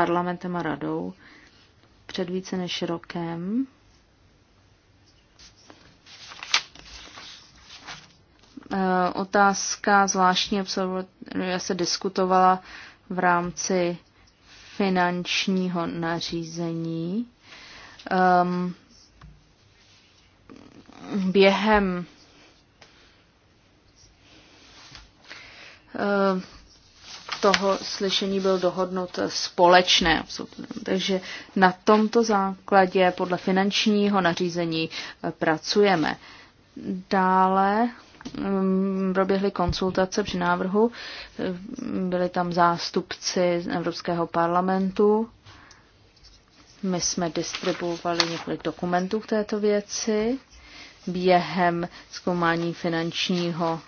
parlamentem a radou před více než rokem. Eh, otázka zvláštní Já se diskutovala v rámci finančního nařízení. Um, během eh, toho slyšení byl dohodnut společné. Takže na tomto základě podle finančního nařízení pracujeme. Dále mm, proběhly konsultace při návrhu. Byli tam zástupci z Evropského parlamentu. My jsme distribuovali několik dokumentů k této věci během zkoumání finančního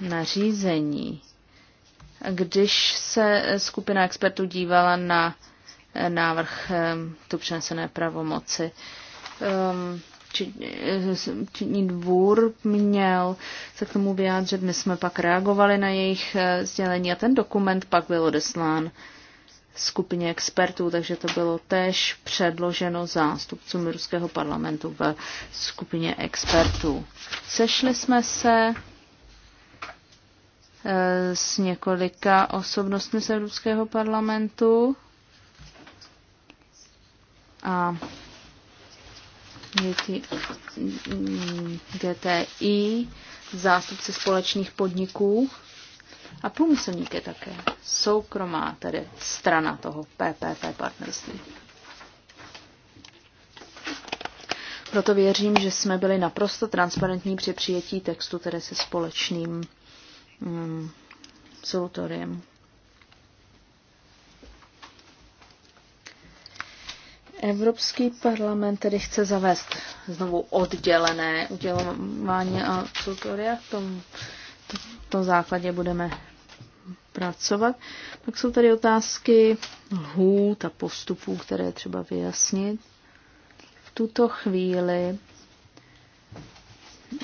nařízení. Když se skupina expertů dívala na eh, návrh eh, tu přenesené pravomoci, ehm, eh, Činní dvůr měl se k tomu vyjádřit. My jsme pak reagovali na jejich sdělení a ten dokument pak byl odeslán skupině expertů, takže to bylo též předloženo zástupcům ruského parlamentu v skupině expertů. Sešli jsme se Eh, s několika osobnostmi z Evropského parlamentu. A GTI, mm, zástupci společných podniků a je také. Soukromá tedy strana toho PPP partnerství. Proto věřím, že jsme byli naprosto transparentní při přijetí textu, tedy se společným um, Evropský parlament tedy chce zavést znovu oddělené udělování a tutoria. V tom, to, tom základě budeme pracovat. Pak jsou tady otázky lhůt a postupů, které třeba vyjasnit. V tuto chvíli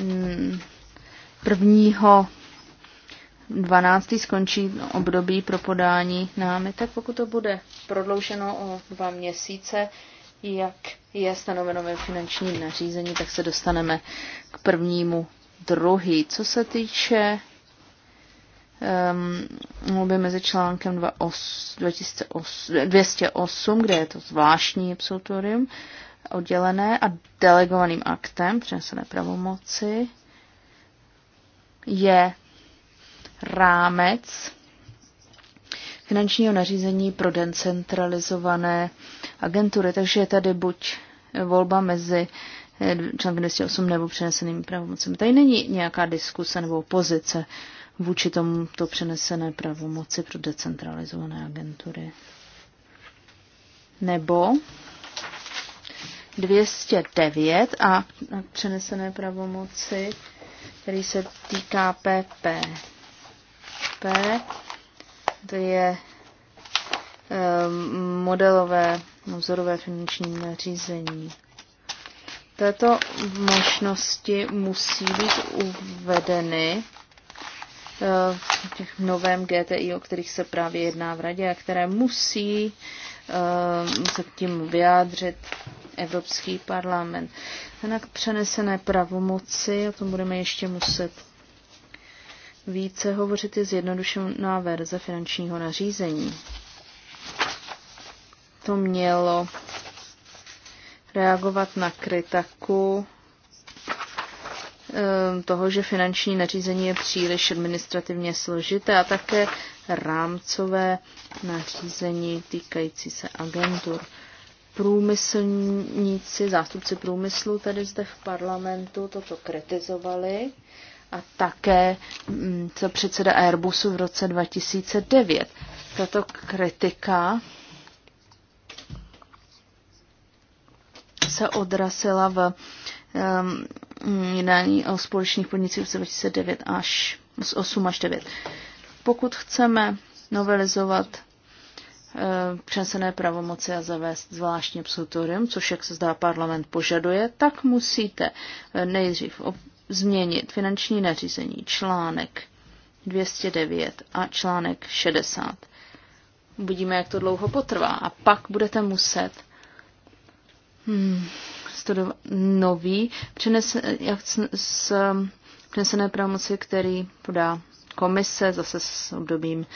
mm, prvního 12. skončí období pro podání námitek, pokud to bude prodlouženo o dva měsíce, jak je stanoveno ve finančním nařízení, tak se dostaneme k prvnímu druhý. Co se týče mluvy ehm, um, mezi článkem 208, kde je to zvláštní absolutorium, oddělené a delegovaným aktem přenesené pravomoci, je rámec finančního nařízení pro decentralizované agentury. Takže je tady buď volba mezi eh, článkem 208 nebo přenesenými pravomocemi. Tady není nějaká diskuse nebo pozice vůči tomuto přenesené pravomoci pro decentralizované agentury. Nebo 209 a přenesené pravomoci, který se týká PP P. To je ehm, modelové vzorové finanční nařízení. Této možnosti musí být uvedeny eh, v těch novém GTI, o kterých se právě jedná v radě a které musí ehm, se k tím vyjádřit Evropský parlament. Jinak přenesené pravomoci, o tom budeme ještě muset více hovořit je zjednodušená verze finančního nařízení. To mělo reagovat na kritiku ehm, toho, že finanční nařízení je příliš administrativně složité a také rámcové nařízení týkající se agentur. Průmyslníci, zástupci průmyslu tady zde v parlamentu toto kritizovali a také mm, co předseda Airbusu v roce 2009. Tato kritika se odrasila v um, jednání o společných podnicích v roce 2009 až 8 až 9. Pokud chceme novelizovat eh, přenesené pravomoci a zavést zvláštní absolutorium, což jak se zdá parlament požaduje, tak musíte eh, nejdřív změnit finanční nařízení článek 209 a článek 60. Uvidíme, jak to dlouho potrvá. A pak budete muset hmm, studovat nový přenes, jak s, s, přenesené pravomoci, který podá komise zase s obdobím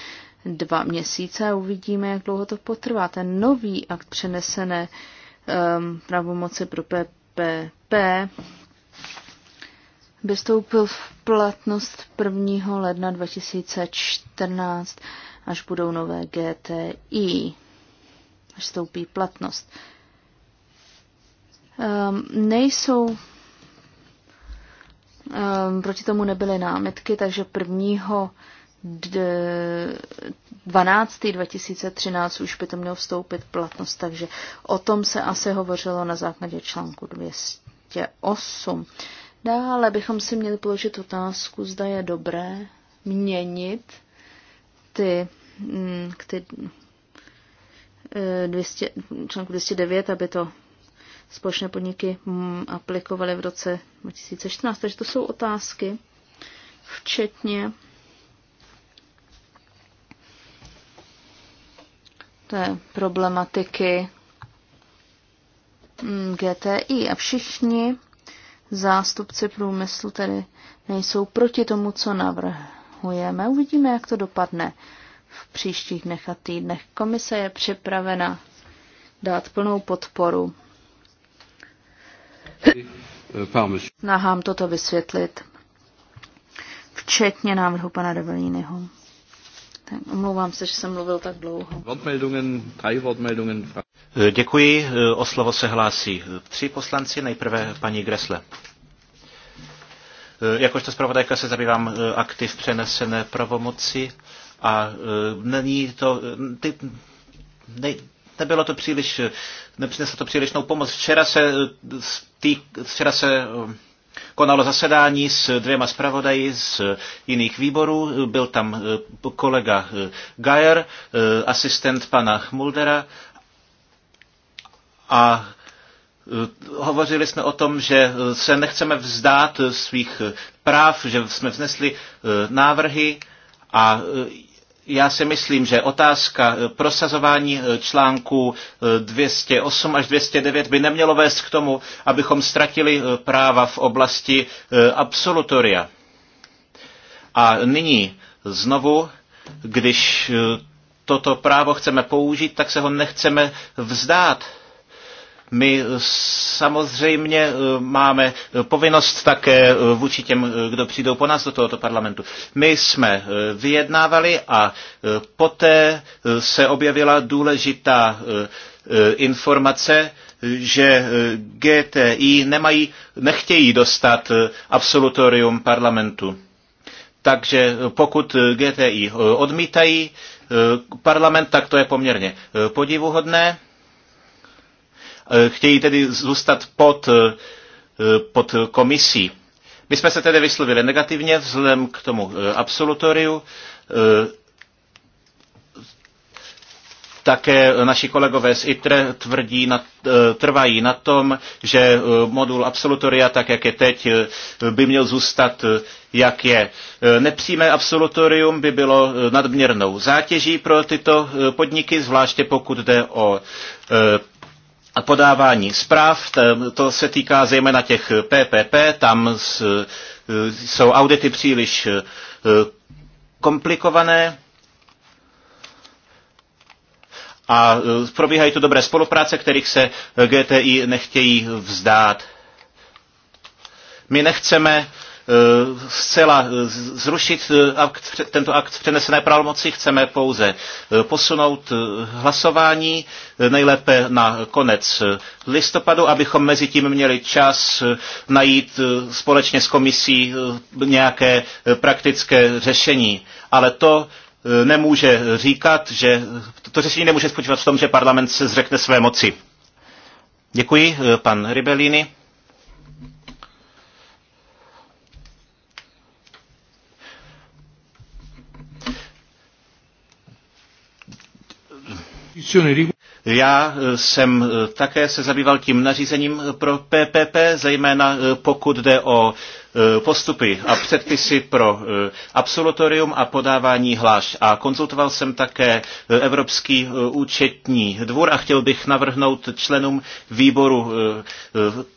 dva měsíce a uvidíme, jak dlouho to potrvá. Ten nový akt přenesené um, pravomoci pro PPP by vstoupil v platnost 1. ledna 2014, až budou nové GTI, až vstoupí platnost. Um, nejsou, um, proti tomu nebyly námitky, takže 1. 12. 2013 už by to mělo vstoupit platnost, takže o tom se asi hovořilo na základě článku 208. Dále bychom si měli položit otázku, zda je dobré měnit ty, mm, ty 200, eh, článku 209, aby to společné podniky mm, aplikovaly v roce 2014. Takže to jsou otázky, včetně té problematiky mm, GTI. A všichni zástupci průmyslu tedy nejsou proti tomu, co navrhujeme. Uvidíme, jak to dopadne v příštích dnech a týdnech. Komise je připravena dát plnou podporu. snahám toto vysvětlit, včetně návrhu pana Develínyho. Omlouvám se, že jsem mluvil tak dlouho. Eh, děkuji, eh, o slovo se hlásí eh, tři poslanci, nejprve paní Gresle. Jakožto zpravodajka se zabývám aktiv přenesené pravomoci a není to, ty, ne, nebylo to příliš, nepřineslo to přílišnou pomoc. Včera se, tý, včera se konalo zasedání s dvěma zpravodaji z jiných výborů. Byl tam eh, kolega eh, Gajer, eh, asistent pana Muldera a hovořili jsme o tom, že se nechceme vzdát svých práv, že jsme vznesli návrhy a já si myslím, že otázka eh, prosazování eh, článků 208 eh, až 209 by nemělo vést k tomu, abychom ztratili práva v oblasti absolutoria. A nyní znovu, když toto právo chceme použít, tak se ho nechceme vzdát my samozřejmě eh, máme povinnost také eh, vůči těm, eh, kdo přijdou po nás do tohoto parlamentu. My jsme vyjednávali a poté se objevila důležitá informace, že GTI nemají, nechtějí dostat absolutorium parlamentu. Takže pokud GTI odmítají parlament, tak to je poměrně podivuhodné. Eh, chtějí tedy zůstat pod, eh, eh, pod komisí. My jsme se tedy vyslovili negativně vzhledem k tomu absolutoriu. Také naši kolegové z ITRE tvrdí na, trvají na tom, že modul absolutoria, tak jak je teď, by měl zůstat, jak je. Nepřímé absolutorium by bylo nadměrnou zátěží pro tyto podniky, zvláště pokud jde o a podávání zpráv, to se týká zejména těch PPP, tam e, jsou audity příliš e, komplikované a e, probíhají tu dobré spolupráce, kterých se GTI nechtějí vzdát. My nechceme Eh, zcela eh, zrušit eh, akt, tento akt přenesené pravomoci, chceme pouze posunout hlasování nejlépe na konec listopadu, abychom mezi tím měli čas najít společně s komisí nějaké praktické řešení. Ale to nemůže říkat, že to řešení nemůže spočívat v tom, že parlament se zřekne své moci. Děkuji, pan Ribelini. Já eh, jsem eh, také se zabýval tím nařízením pro PPP, zejména eh, pokud jde o postupy a předpisy pro absolutorium a podávání hláš. A konzultoval jsem také Evropský účetní dvůr a chtěl bych navrhnout členům výboru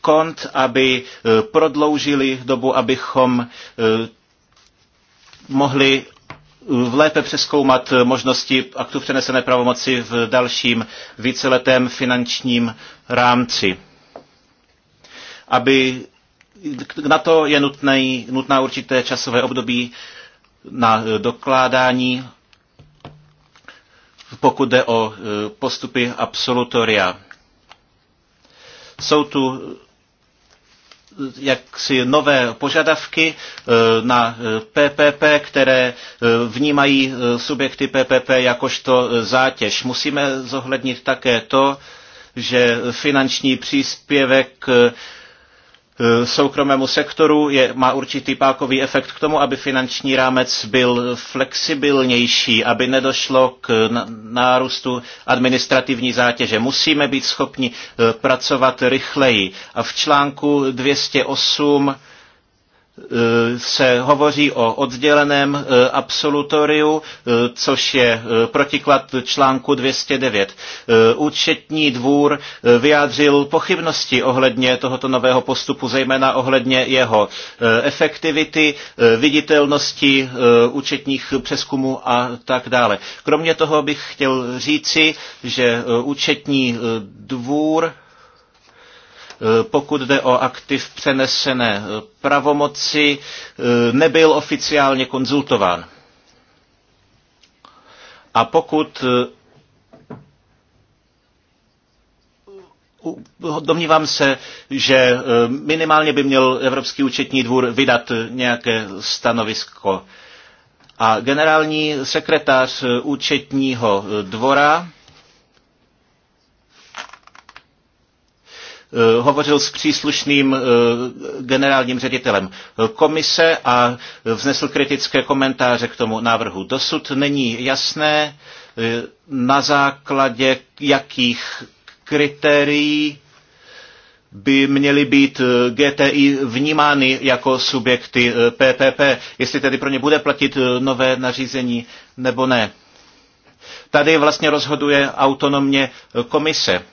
kont, aby prodloužili dobu, abychom mohli lépe přeskoumat možnosti aktu přenesené pravomoci v dalším víceletém finančním rámci. Aby na to je nutné, nutná určité časové období na dokládání, pokud jde o e, postupy absolutoria. Jsou tu jaksi nové požadavky eh, na PPP, eh, které eh, vnímají subjekty PPP jakožto zátěž. Musíme zohlednit také to, že finanční příspěvek Eh, soukromému sektoru je, má určitý pákový efekt k tomu, aby finanční rámec byl flexibilnější, aby nedošlo k nárůstu administrativní zátěže. Musíme být schopni eh, pracovat rychleji. A v článku 208 Eh, se hovoří o odděleném eh, absolutoriu, eh, což je protiklad článku 209. Účetní dvůr vyjádřil pochybnosti ohledně tohoto nového postupu, zejména ohledně jeho efektivity, viditelnosti účetních přeskumů a tak dále. Kromě toho bych chtěl říci, že účetní dvůr Eh, pokud jde o aktiv přenesené eh, pravomoci, eh, nebyl oficiálně konzultován. A pokud domnívám se, že minimálně by měl Evropský účetní dvůr vydat nějaké stanovisko. A generální sekretář účetního dvora Eh, hovořil s příslušným eh, generálním ředitelem komise a vznesl kritické komentáře k tomu návrhu. Dosud není jasné, eh, na základě jakých kritérií by měly být GTI vnímány jako subjekty PPP, jestli tedy pro ně bude platit nové nařízení nebo ne. Tady vlastně rozhoduje autonomně komise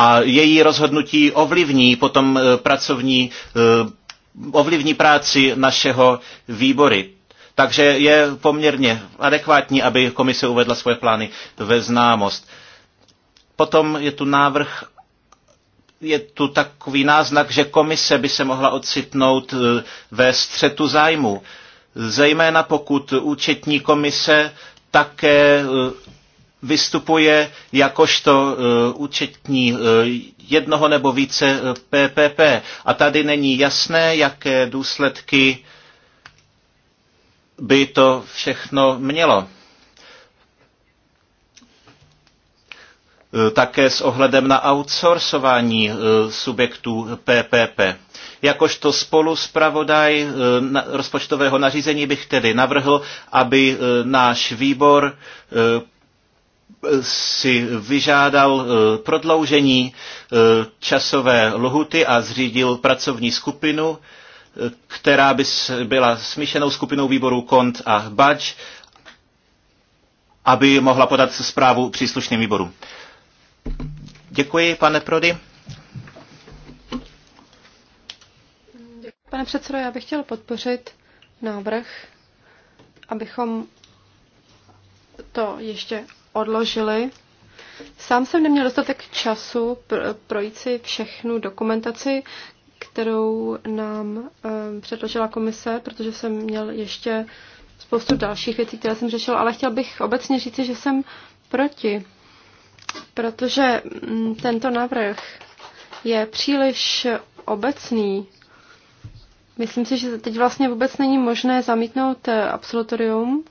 a její rozhodnutí ovlivní potom eh, pracovní, eh, ovlivní práci našeho výbory. Takže je poměrně adekvátní, aby komise uvedla svoje plány ve známost. Potom je tu návrh je tu takový náznak, že komise by se mohla ocitnout eh, ve střetu zájmu. Zejména pokud účetní komise také vystupuje jakožto eh, účetní eh, jednoho nebo více PPP. Eh, A tady není jasné, jaké důsledky by to všechno mělo. Také s ohledem na outsourcování subjektů PPP. Jakožto spolu zpravodaj rozpočtového nařízení bych tedy navrhl, aby náš výbor si vyžádal eh, prodloužení eh, časové lhuty a zřídil pracovní skupinu, eh, která by byla smíšenou skupinou výborů KONT a BAČ, aby mohla podat zprávu příslušným výborům. Děkuji, pane Prody. Pane předsedo, já bych chtěl podpořit návrh, abychom to ještě odložili. Sám jsem neměl dostatek času pr- projít si všechnu dokumentaci, kterou nám um, předložila komise, protože jsem měl ještě spoustu dalších věcí, které jsem řešil, ale chtěl bych obecně říci, že jsem proti, protože m, mm, tento návrh je příliš obecný. Myslím si, že teď vlastně vůbec není možné zamítnout eh, absolutorium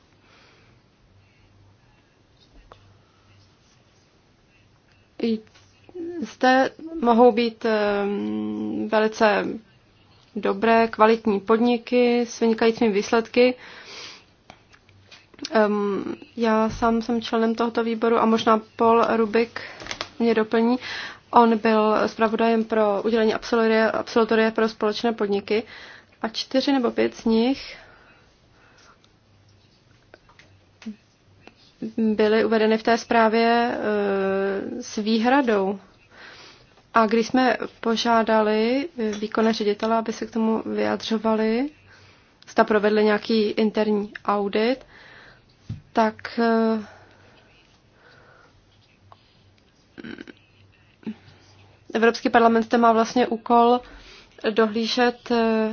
zde mohou být eh, velice dobré, kvalitní podniky s vynikajícími výsledky. já sám jsem členem tohoto výboru a možná Paul Rubik mě doplní. On byl zpravodajem pro udělení absolutoria pro společné podniky a čtyři nebo pět z nich byly uvedeny v té zprávě e, s výhradou. A když jsme požádali výkonné ředitele, aby se k tomu vyjadřovali, zda provedli nějaký interní audit, tak e, Evropský parlament má vlastně úkol dohlížet e,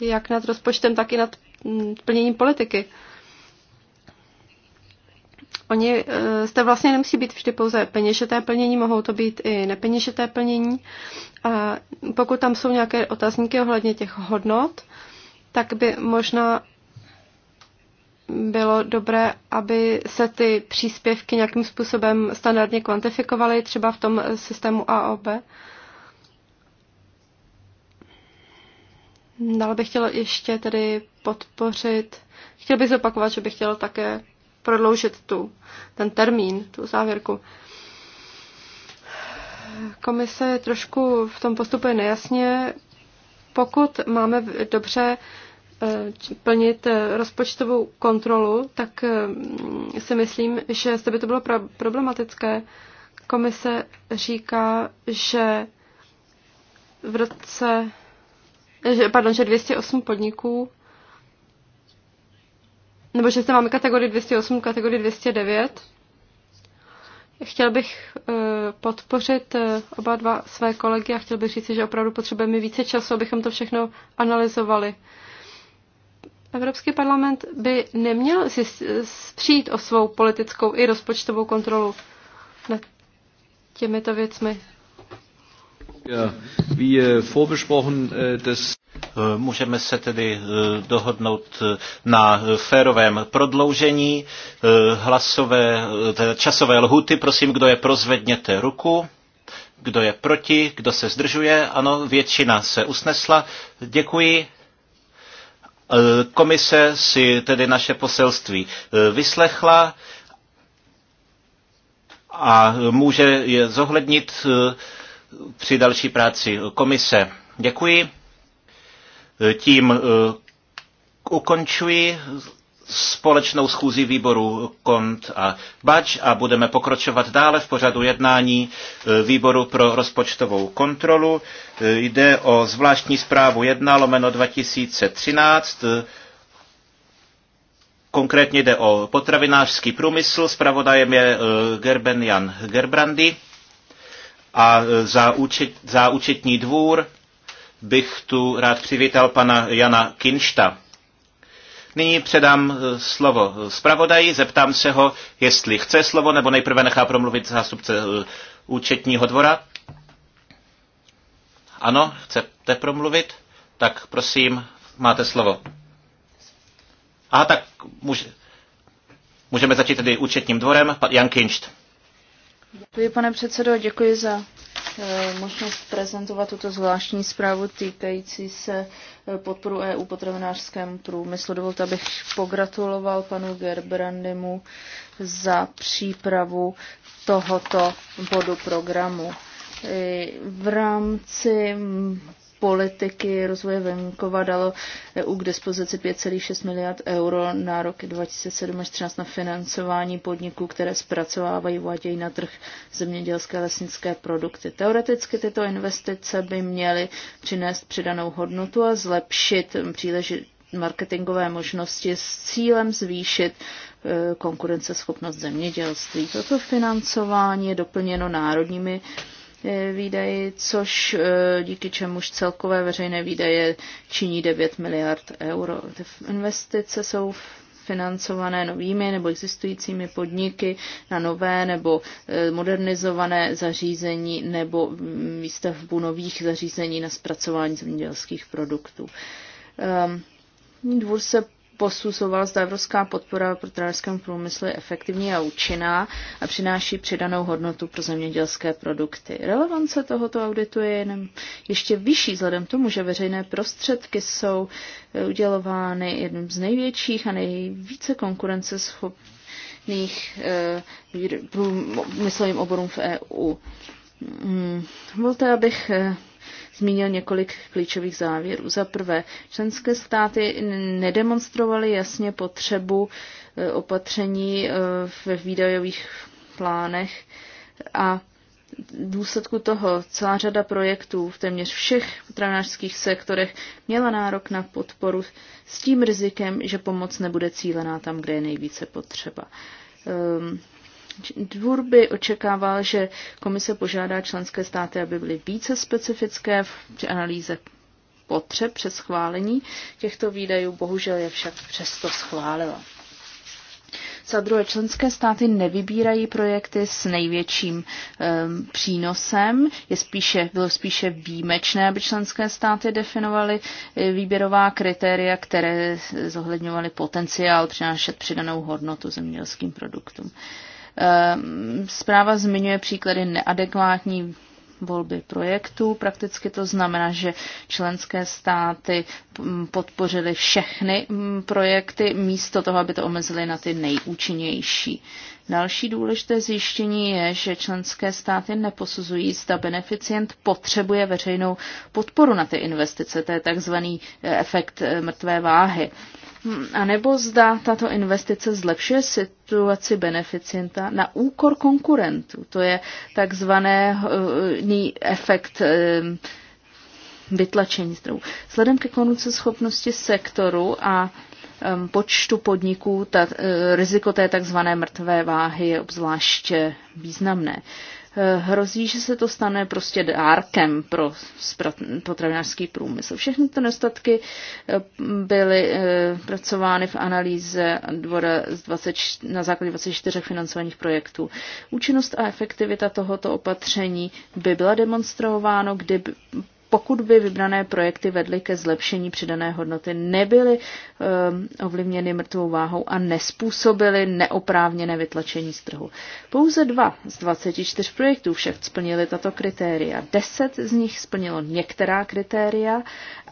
jak nad rozpočtem, tak i nad plněním politiky. Oni eh, zde vlastně nemusí být vždy pouze peněžité plnění, mohou to být i nepeněžité plnění. A pokud tam jsou nějaké otazníky ohledně těch hodnot, tak by možná bylo dobré, aby se ty příspěvky nějakým způsobem standardně kvantifikovaly, třeba v tom systému AOB. Dále bych chtěla ještě tedy podpořit, chtěl bych zopakovat, že bych chtěl také prodloužit tu, ten termín, tu závěrku. Komise je trošku v tom postupu nejasně. Pokud máme dobře eh, plnit eh, rozpočtovou kontrolu, tak eh, si myslím, že zde by to bylo problematické. Komise říká, že v roce, že, pardon, že 208 podniků nebo že zde máme kategorii 208, kategorii 209. Chtěl bych eh, podpořit eh, oba dva své kolegy a chtěl bych říct, že opravdu potřebujeme více času, abychom to všechno analyzovali. Evropský parlament by neměl si přijít o svou politickou i rozpočtovou kontrolu nad těmito věcmi. Ja, wie eh, vorbesprochen, das Eh, můžeme se tedy eh, dohodnout eh, na férovém prodloužení hlasové, časové lhuty. Prosím, kdo je pro, zvedněte ruku. Kdo je proti, kdo se zdržuje? Ano, většina se usnesla. Děkuji. Komise si tedy naše poselství vyslechla a může je zohlednit při další práci komise. Děkuji. Tím eh, ukončuji společnou schůzi výboru KONT a BAČ a budeme pokročovat dále v pořadu jednání eh, výboru pro rozpočtovou kontrolu. Eh, jde o zvláštní zprávu 1 lomeno 2013. Konkrétně jde o potravinářský průmysl. Spravodajem je Gerben Jan Gerbrandy a za, účet, za účetní dvůr bych tu rád přivítal pana Jana Kinšta. Nyní předám eh, slovo zpravodaji, zeptám se ho, jestli chce slovo, nebo nejprve nechá promluvit zástupce eh, účetního dvora. Ano, chcete promluvit? Tak prosím, máte slovo. Aha, tak může, můžeme začít tedy účetním dvorem. Jan Kinšt. Děkuji, pane předsedo, děkuji za Eh, možnost prezentovat tuto zvláštní zprávu týkající se eh, podporu EU potravinářskému průmyslu. Dovolte, abych pogratuloval panu Gerbrandemu za přípravu tohoto bodu programu. Eh, v rámci politiky rozvoje venkova dalo EU k dispozici 5,6 miliard euro na roky 2007 až 13 na financování podniků, které zpracovávají uvádějí na trh zemědělské lesnické produkty. Teoreticky tyto investice by měly přinést přidanou hodnotu a zlepšit příležitost marketingové možnosti s cílem zvýšit e, konkurenceschopnost zemědělství. Toto financování je doplněno národními E, výdaji, což e, díky čemuž celkové veřejné výdaje činí 9 miliard euro. Ty investice jsou financované novými nebo existujícími podniky na nové nebo e, modernizované zařízení nebo výstavbu nových zařízení na zpracování zemědělských produktů. Ehm, dvůr se posuzoval, zda evropská podpora pro trářském průmyslu je efektivní a účinná a přináší přidanou hodnotu pro zemědělské produkty. Relevance tohoto auditu je jenom ještě vyšší vzhledem tomu, že veřejné prostředky jsou eh, udělovány jedním z největších a nejvíce konkurenceschopných eh, průmyslovým oborům v EU. Hmm, volte, abych eh, zmínil několik klíčových závěrů. Za prvé, členské státy nedemonstrovaly jasně potřebu e, opatření e, ve výdajových plánech a v důsledku toho celá řada projektů v téměř všech potravinářských sektorech měla nárok na podporu s tím rizikem, že pomoc nebude cílená tam, kde je nejvíce potřeba. Ehm, Dvůr by očekával, že komise požádá členské státy, aby byly více specifické v analýze potřeb před schválení těchto výdajů, bohužel je však přesto schválila. Za druhé, členské státy nevybírají projekty s největším um, přínosem. Je spíše, bylo spíše výjimečné, aby členské státy definovaly eh, výběrová kritéria, které zohledňovaly potenciál přinášet přidanou hodnotu zemědělským produktům. Uh, Ehm, zpráva zmiňuje příklady neadekvátní volby projektů. Prakticky to znamená, že členské státy mm, podpořily všechny mm, projekty místo toho, aby to omezily na ty nejúčinnější. Další důležité zjištění je, že členské státy neposuzují, zda beneficient potřebuje veřejnou podporu na ty investice. To je takzvaný eh, efekt eh, mrtvé váhy. Hmm, a nebo zda tato investice zlepšuje situaci beneficienta na úkor konkurentů. To je takzvaný eh, efekt vytlačení zdrojů. Sledem ke schopnosti sektoru a počtu podniků ta, e, riziko té takzvané mrtvé váhy je obzvláště významné. E, hrozí, že se to stane prostě dárkem pro potravinářský průmysl. Všechny ty nedostatky e, byly pracovány v analýze dvora z 20, na základě 24 financovaných projektů. Účinnost a efektivita tohoto opatření by byla demonstrováno, kdyby pokud by vybrané projekty vedly ke zlepšení přidané hodnoty, nebyly um, ovlivněny mrtvou váhou a nespůsobily neoprávněné vytlačení z trhu. Pouze dva z 24 projektů však splnili tato kritéria. Deset z nich splnilo některá kritéria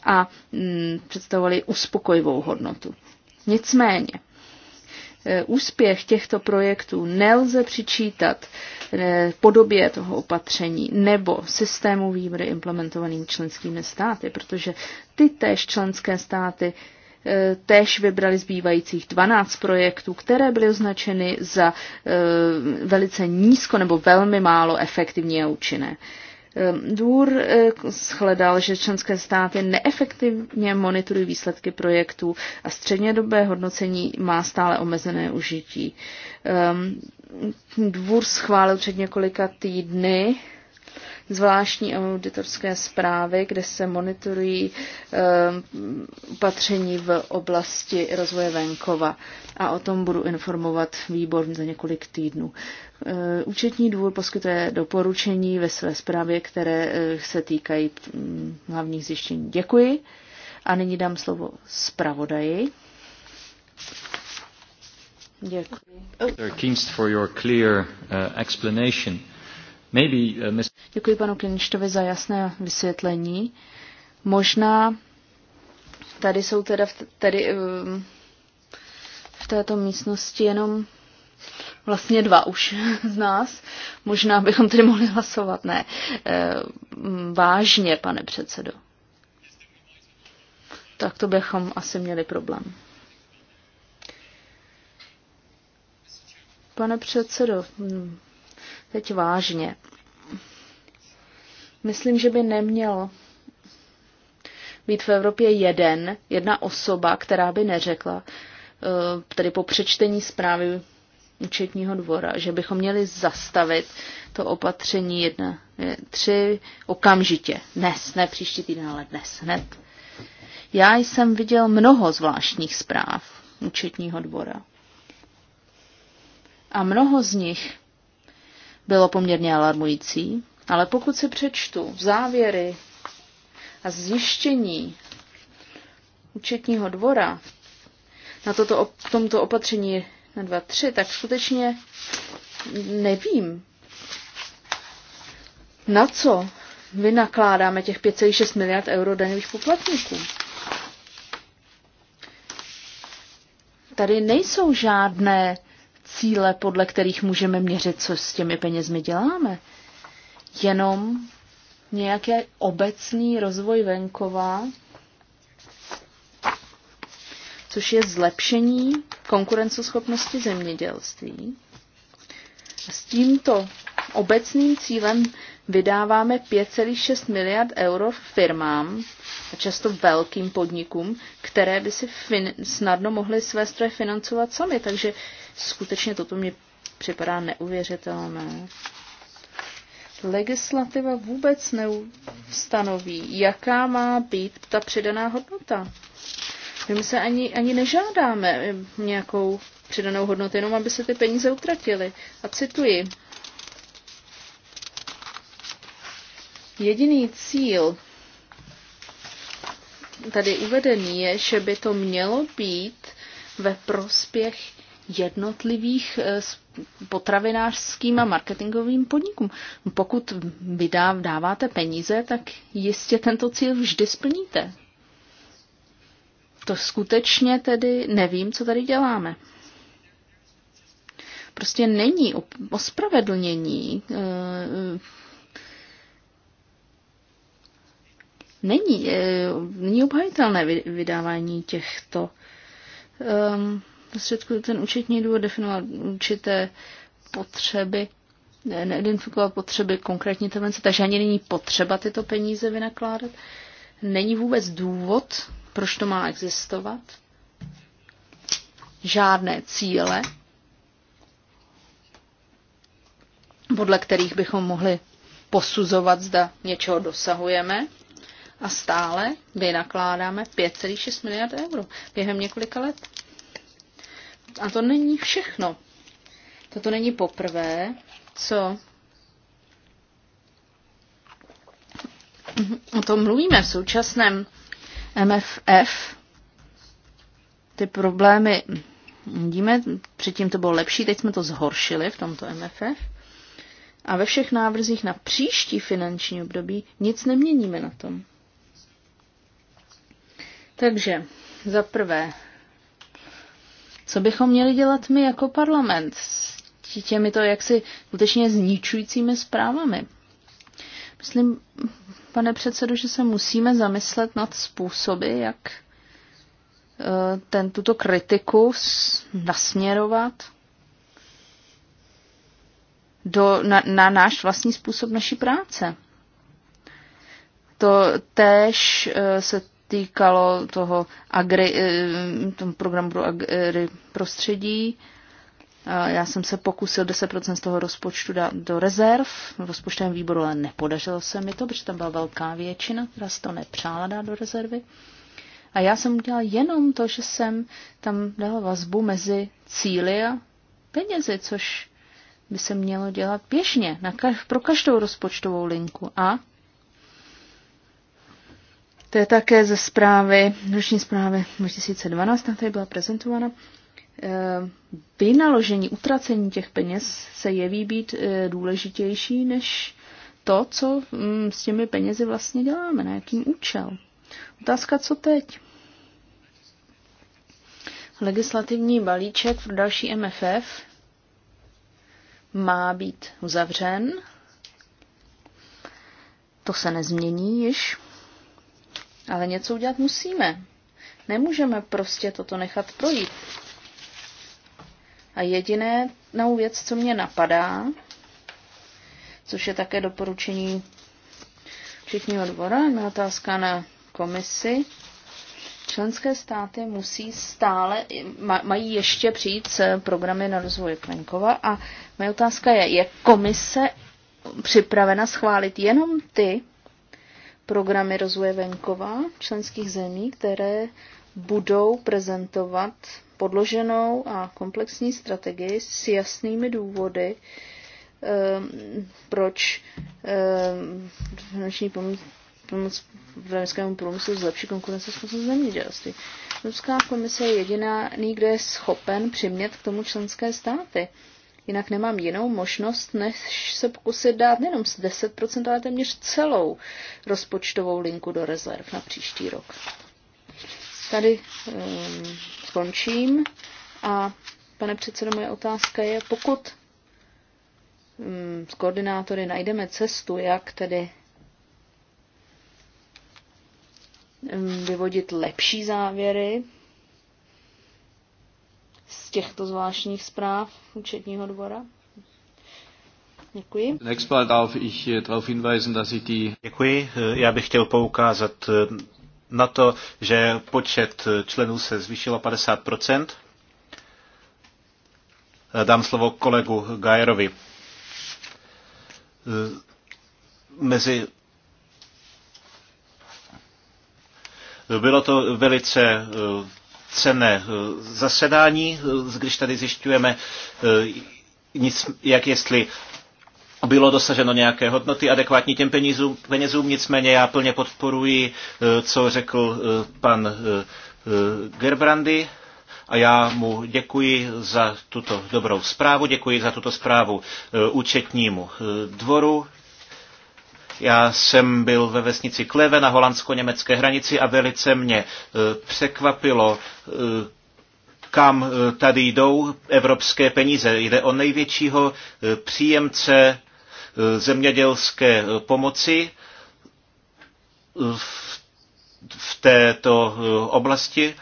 a mm, představovali uspokojivou hodnotu. Nicméně, Eh, úspěch těchto projektů nelze přičítat eh, podobě toho opatření nebo systému výběry implementovaným členskými státy, protože ty též členské státy eh, též vybrali zbývajících 12 projektů, které byly označeny za velice nízko nebo velmi málo efektivní a účinné. Důr eh, shledal, že členské státy neefektivně monitorují výsledky projektů a střednědobé hodnocení má stále omezené užití. Ehm, dvůr schválil před několika týdny zvláštní auditorské zprávy, kde se monitorují eh, opatření v oblasti rozvoje venkova. A o tom budu informovat výbor za několik týdnů. Eh, účetní dvůr poskytuje doporučení ve své zprávě, které eh, se týkají mm, hlavních zjištění. Děkuji. A nyní dám slovo zpravodaji. Děkuji. Sir for your clear uh, explanation. Uh, Děkuji panu Kliništovi za jasné vysvětlení. Možná tady jsou teda v, tady, um, v této místnosti jenom vlastně dva už z nás. Možná bychom tedy mohli hlasovat. Ne. Eh, mm, vážně, pane předsedo. Tak to bychom asi měli problém. Pane předsedo, hmm, teď vážně. Myslím, že by neměl být v Evropě jeden, jedna osoba, která by neřekla, eh, tedy po přečtení zprávy účetního dvora, že bychom měli zastavit to opatření jedna, tři okamžitě. Dnes, ne příští týden, ale dnes, hned. Já jsem viděl mnoho zvláštních zpráv účetního dvora. A mnoho z nich bylo poměrně alarmující, ale pokud si přečtu závěry a zjištění účetního dvora na toto, tomto opatření na 2.3, tak skutečně nevím, na co vynakládáme těch 5,6 miliard euro daňových poplatníků. Tady nejsou žádné cíle, podle kterých můžeme měřit, co s těmi penězmi děláme. Jenom nějaký obecný rozvoj venkova, což je zlepšení konkurenceschopnosti zemědělství. s tímto obecným cílem vydáváme 5,6 miliard euro firmám, a často velkým podnikům, které by si fin- snadno mohly své stroje financovat sami. Takže skutečně toto mě připadá neuvěřitelné. Legislativa vůbec neustanoví, jaká má být ta přidaná hodnota. My se ani, ani nežádáme nějakou přidanou hodnotu, jenom aby se ty peníze utratily. A cituji. Jediný cíl tady uvedený, je, že by to mělo být ve prospěch jednotlivých eh, potravinářským a marketingovým podnikům. No pokud vydáváte dáváte peníze, tak jistě tento cíl vždy splníte. To skutečně tedy nevím, co tady děláme. Prostě není ospravedlnění eh, není, eh, není obhajitelné vydávání těchto um, ehm, prostředků. Ten účetní důvod definoval určité potřeby, neidentifikoval potřeby konkrétní tendence, takže ani není potřeba tyto peníze vynakládat. Není vůbec důvod, proč to má existovat. Žádné cíle, podle kterých bychom mohli posuzovat, zda něčeho dosahujeme a stále vynakládáme 5,6 miliard euro během několika let. A to není všechno. Toto není poprvé, co o tom mluvíme v současném MFF. Ty problémy vidíme, předtím to bylo lepší, teď jsme to zhoršili v tomto MFF. A ve všech návrzích na příští finanční období nic neměníme na tom. Takže za prvé, co bychom měli dělat my jako parlament s těmi to jaksi skutečně zničujícími zprávami? Myslím, pane předsedo, že se musíme zamyslet nad způsoby, jak eh, ten, tuto kritiku nasměrovat do, na, na náš vlastní způsob naší práce. To též eh, se týkalo toho agri, eh, tom programu pro agri eh, prostředí. Já jsem se pokusil 10% z toho rozpočtu dát do rezerv v rozpočtovém výboru, ale nepodařilo se mi to, protože tam byla velká většina, která se to nepřála dát do rezervy. A já jsem udělal jenom to, že jsem tam dala vazbu mezi cíly a penězi, což by se mělo dělat běžně na kaž, pro každou rozpočtovou linku. A to je také ze zprávy, roční zprávy 2012, tam tady byla prezentována. Eh, vynaložení, utracení těch peněz se jeví být eh, důležitější než to, co mm, s těmi penězi vlastně děláme, na jakým účel. Otázka, co teď? Legislativní balíček pro další MFF má být uzavřen. To se nezmění již. Ale něco udělat musíme. Nemůžeme prostě toto nechat projít. A jediné na věc, co mě napadá, což je také doporučení všichniho dvora, je otázka na komisi, členské státy musí stále, mají ještě přijít s programy na rozvoj Klenkova a moje otázka je, je komise připravena schválit jenom ty programy rozvoje venkova členských zemí, které budou prezentovat podloženou a komplexní strategii s jasnými důvody, ehm, proč ehm, finanční pomoc, pomoc vojenskému průmyslu zlepší konkurenceschopnost zemědělství. Evropská komise je jediná, kde je schopen přimět k tomu členské státy. Jinak nemám jinou možnost, než se pokusit dát nejenom z 10%, ale téměř celou rozpočtovou linku do rezerv na příští rok. Tady um, skončím a pane předsedo, moje otázka je, pokud um, s koordinátory najdeme cestu, jak tedy ehm, vyvodit lepší závěry z těchto zvláštních zpráv účetního dvora. Děkuji. Eh, Děkuji. Eh, já bych chtěl poukázat eh, na to, že počet členů se zvýšil o 50 Dám slovo kolegu Gajerovi. Mezi bylo to velice cené eh, zasedání, eh, když tady zjišťujeme, eh, nic, jak jestli bylo dosaženo nějaké hodnoty adekvátní těm penězům, penězům nicméně já plně podporuji, co řekl pan Gerbrandy a já mu děkuji za tuto dobrou zprávu, děkuji za tuto zprávu účetnímu dvoru, já jsem byl ve vesnici Kleve na holandsko-německé hranici a velice mě eh, překvapilo, eh, kam eh, tady jdou evropské peníze. Jde o největšího příjemce zemědělské pomoci v této oblasti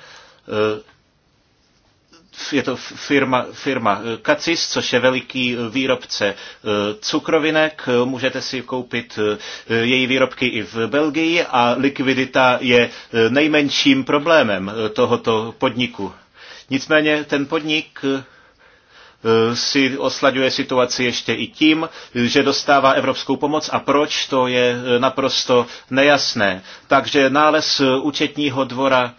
je to firma, firma Kacis, eh, což je veliký eh, výrobce eh, cukrovinek. Můžete si koupit její výrobky i v Belgii a likvidita je nejmenším problémem tohoto podniku. Nicméně ten podnik si oslaďuje situaci ještě i tím, že dostává evropskou pomoc a proč, to je naprosto nejasné. Takže nález účetního dvora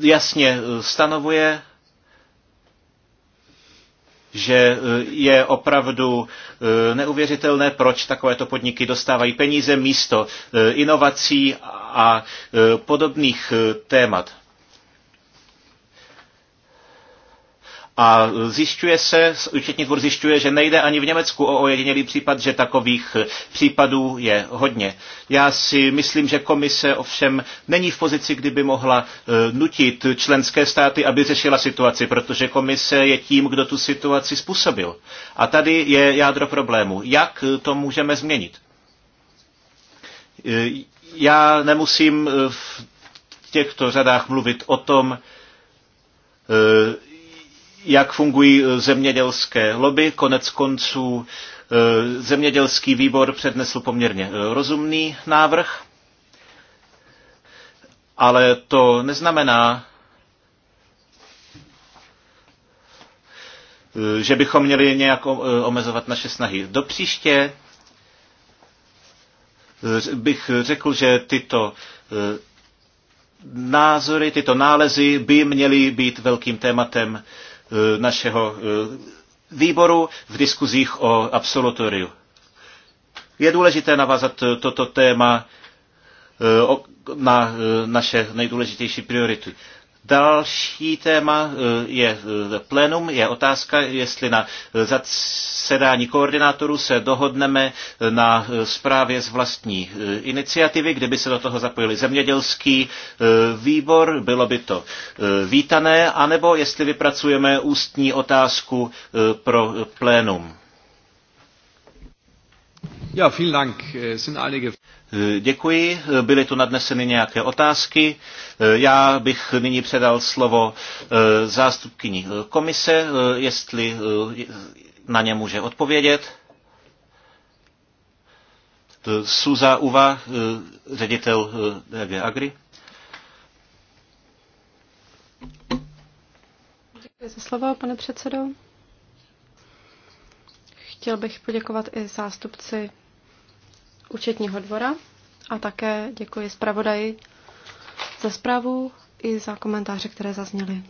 jasně eh, stanovuje, že eh, je opravdu eh, neuvěřitelné, proč takovéto podniky dostávají peníze místo inovací a podobných témat. A zjišťuje se, účetní dvůr zjišťuje, že nejde ani v Německu o ojedinělý případ, že takových případů je hodně. Já si myslím, že komise ovšem není v pozici, kdyby mohla e, nutit členské státy, aby řešila situaci, protože komise je tím, kdo tu situaci způsobil. A tady je jádro problému. Jak to můžeme změnit? E, já nemusím e, v těchto řadách mluvit o tom, jak fungují eh, zemědělské lobby. Konec konců eh, zemědělský výbor přednesl poměrně eh, rozumný návrh, ale to neznamená, že bychom měli nějak omezovat naše snahy. Do příště bych řekl, že tyto názory, tyto nálezy by měly být velkým tématem Eh, našeho eh, výboru v diskuzích o absolutoriu. Je důležité navázat eh, toto téma na naše nejdůležitější priority. Další téma eh, je eh, plénum, je otázka, jestli na eh, zasedání koordinátorů se dohodneme na zprávě z vlastní iniciativy, kdyby se do toho zapojili zemědělský výbor, bylo by to vítané, anebo jestli vypracujeme ústní otázku pro plénum. Ja, vielen Dank. sind einige Eh, děkuji. Byly tu nadneseny nějaké otázky. Eh, já bych nyní předal slovo eh, zástupkyni komise, jestli na ně může odpovědět. Suza Uva, ředitel DG Agri. Děkuji za slovo, pane předsedo. Chtěl bych poděkovat i zástupci účetního dvora a také děkuji zpravodaji za zprávu i za komentáře, které zazněly.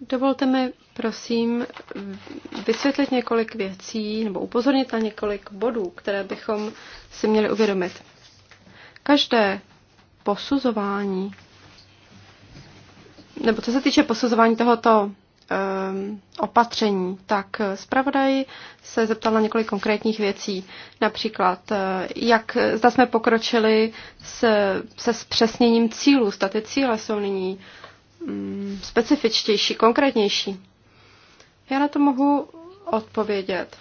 Dovolte mi, prosím, vysvětlit několik věcí nebo upozornit na několik bodů, které bychom si měli uvědomit. Každé posuzování, nebo co se týče posuzování tohoto Um, opatření, tak zpravodaj se zeptal na několik konkrétních věcí. Například, uh, jak zda jsme pokročili se, se zpřesněním cílů, zda ty cíle jsou nyní um, specifičtější, konkrétnější. Já na to mohu odpovědět,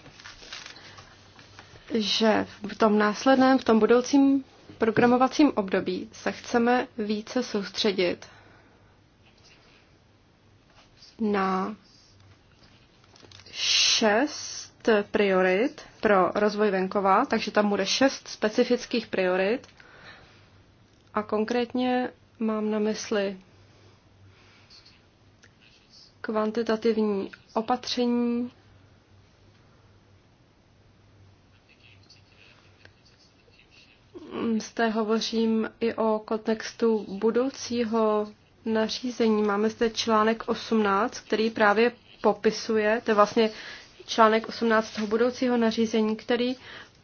že v tom následném, v tom budoucím programovacím období se chceme více soustředit na šest priorit pro rozvoj venkova, takže tam bude šest specifických priorit. A konkrétně mám na mysli kvantitativní opatření, zde hovořím i o kontextu budoucího nařízení. Máme zde článek 18, který právě popisuje, to je vlastně článek 18 toho budoucího nařízení, který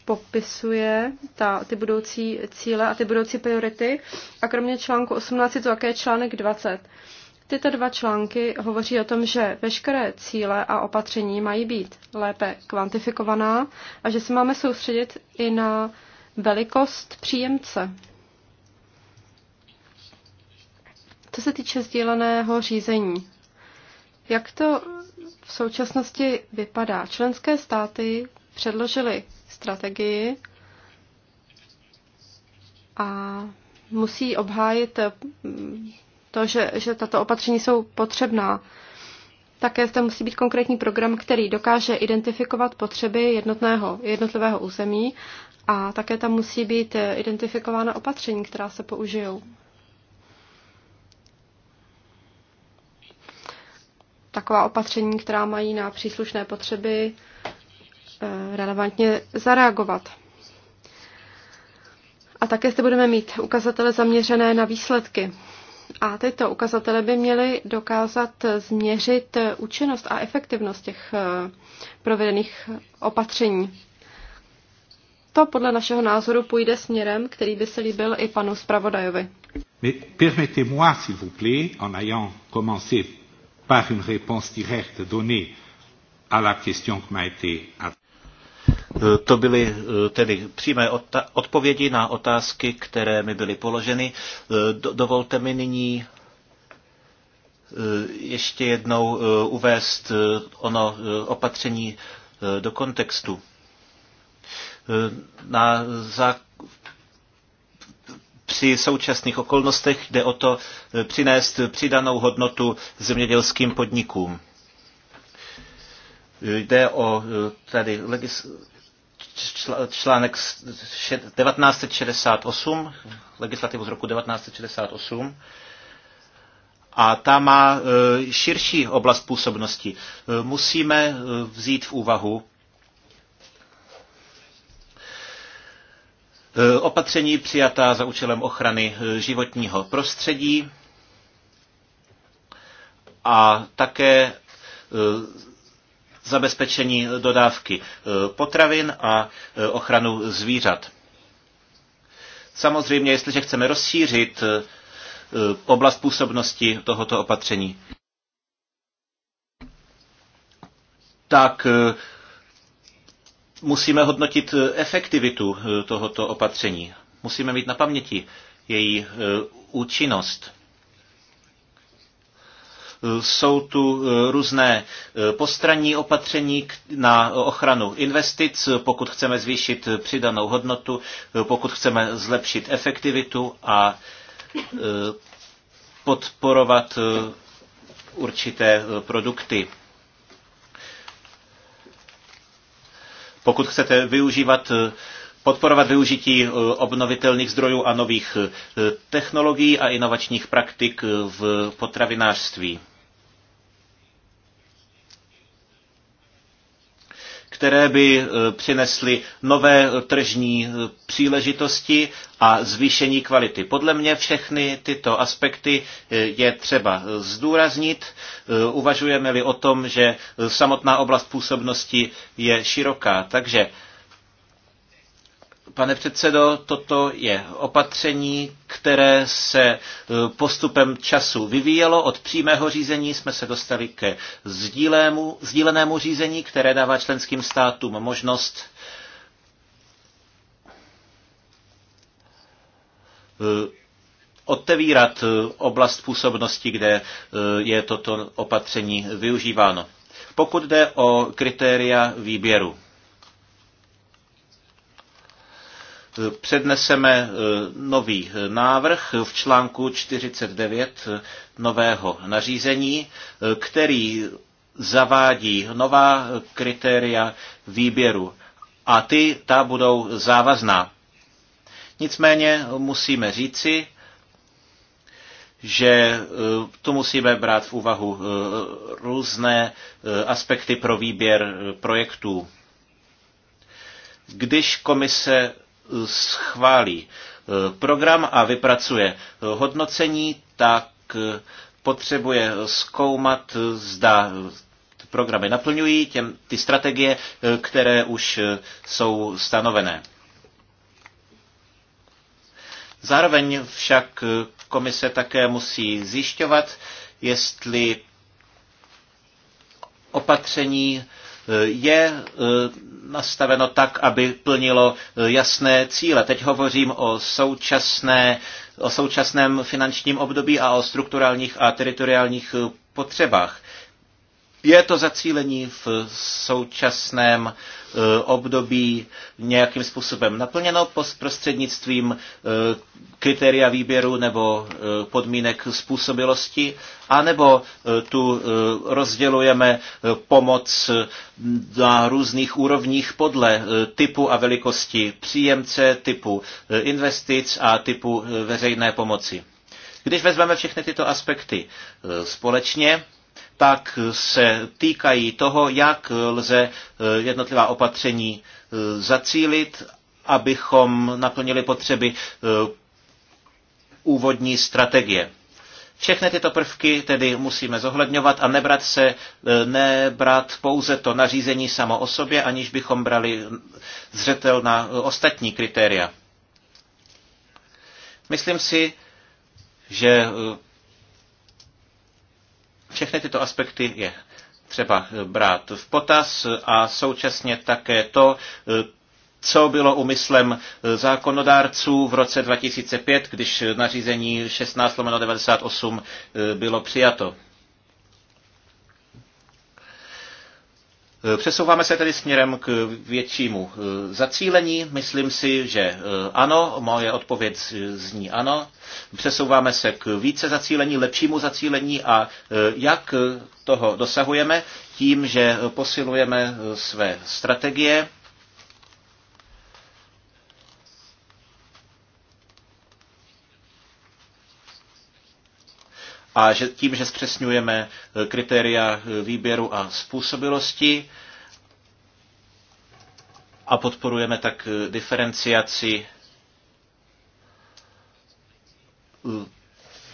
popisuje ta, ty budoucí cíle a ty budoucí priority. A kromě článku 18 je to také článek 20. Tyto dva články hovoří o tom, že veškeré cíle a opatření mají být lépe kvantifikovaná a že se máme soustředit i na velikost příjemce. Co se týče sdíleného řízení, jak to v současnosti vypadá? Členské státy předložily strategii a musí obhájit mm, to, že, že tato opatření jsou potřebná. Také zde musí být konkrétní program, který dokáže identifikovat potřeby jednotného, jednotlivého území a také tam musí být identifikována opatření, která se použijou. taková opatření, která mají na příslušné potřeby eh, relevantně zareagovat. A také zde budeme mít ukazatele zaměřené na výsledky. A tyto ukazatele by měly dokázat změřit účinnost a efektivnost těch eh, provedených opatření. To podle našeho názoru půjde směrem, který by se líbil i panu zpravodajovi. Mais permettez-moi, s'il vous plaît, en ayant commencé par une réponse directe donnée à la question qui m'a été e, to byly e, tedy přímé odpovědi na otázky, které mi byly položeny. E, dovolte mi nyní ještě jednou uvést ono opatření do kontextu. Na zá- při současných okolnostech jde o to eh, přinést přidanou hodnotu zemědělským podnikům. Eh, jde o eh, tady legis, článek 1968, legislativu z roku 1968, a ta má širší oblast působnosti. Musíme vzít v úvahu E, opatření přijatá za účelem ochrany e, životního prostředí a také e, zabezpečení dodávky potravin a ochranu zvířat. Samozřejmě, jestliže chceme rozšířit oblast působnosti tohoto opatření, tak musíme hodnotit eh, efektivitu eh, tohoto opatření. Musíme mít na paměti její eh, účinnost. Jsou tu různé postranní opatření na ochranu investic, pokud chceme zvýšit přidanou hodnotu, pokud chceme zlepšit efektivitu a podporovat určité produkty Pokud chcete využívat eh, podporovat využití eh, obnovitelných zdrojů a nových eh, technologií a inovačních praktik v potravinářství. které by eh, přinesly nové eh, tržní eh, příležitosti a zvýšení kvality. Podle mě všechny tyto aspekty je třeba zdůraznit. Uvažujeme-li o tom, že samotná oblast působnosti je široká. Takže Pane předsedo, toto je opatření, které se e, postupem času vyvíjelo. Od přímého řízení jsme se dostali ke sdílému, sdílenému řízení, které dává členským státům možnost e, otevírat e, oblast působnosti, kde je toto opatření využíváno. Pokud jde o kritéria výběru. E, předneseme e, nový návrh v článku 49 e, nového nařízení, který zavádí nová kritéria výběru a ty ta budou závazná. Nicméně musíme říci, že tu musíme brát v úvahu různé aspekty pro výběr projektů. Když komise schválí eh, program a vypracuje hodnocení, tak eh, potřebuje zkoumat, eh, zda programy naplňují těm, ty strategie, které už jsou stanovené. Zároveň však komise také musí zjišťovat, jestli opatření je eh, nastaveno tak, aby plnilo eh, jasné cíle. Teď hovořím o, současné, o současném finančním období a o strukturálních a teritoriálních eh, potřebách je to zacílení v současném eh, období nějakým způsobem naplněno prostřednictvím eh, kritéria výběru nebo eh, podmínek způsobilosti, anebo tu rozdělujeme pomoc mm, na různých úrovních podle typu a velikosti příjemce, typu investic a typu veřejné pomoci. Když vezmeme všechny tyto aspekty společně, tak se týkají toho, jak lze eh, jednotlivá opatření eh, zacílit, abychom naplnili potřeby eh, úvodní strategie. Všechny tyto prvky tedy musíme zohledňovat a nebrat se, nebrat pouze to nařízení samo o sobě, aniž bychom brali zřetel na ostatní kritéria. Myslím si, že všechny tyto aspekty je třeba eh, brát v potaz a současně také to, eh, co bylo úmyslem eh, zákonodárců v roce 2005, když nařízení 16 98 bylo přijato. Eh, přesouváme se tedy směrem k většímu eh, zacílení. Myslím si, že eh, ano, moje odpověď zní ano. Přesouváme se k více zacílení, lepšímu zacílení a jak toho dosahujeme? Tím, že posilujeme své strategie a že tím, že zpřesňujeme eh, kritéria eh, výběru a způsobilosti a podporujeme tak eh, diferenciaci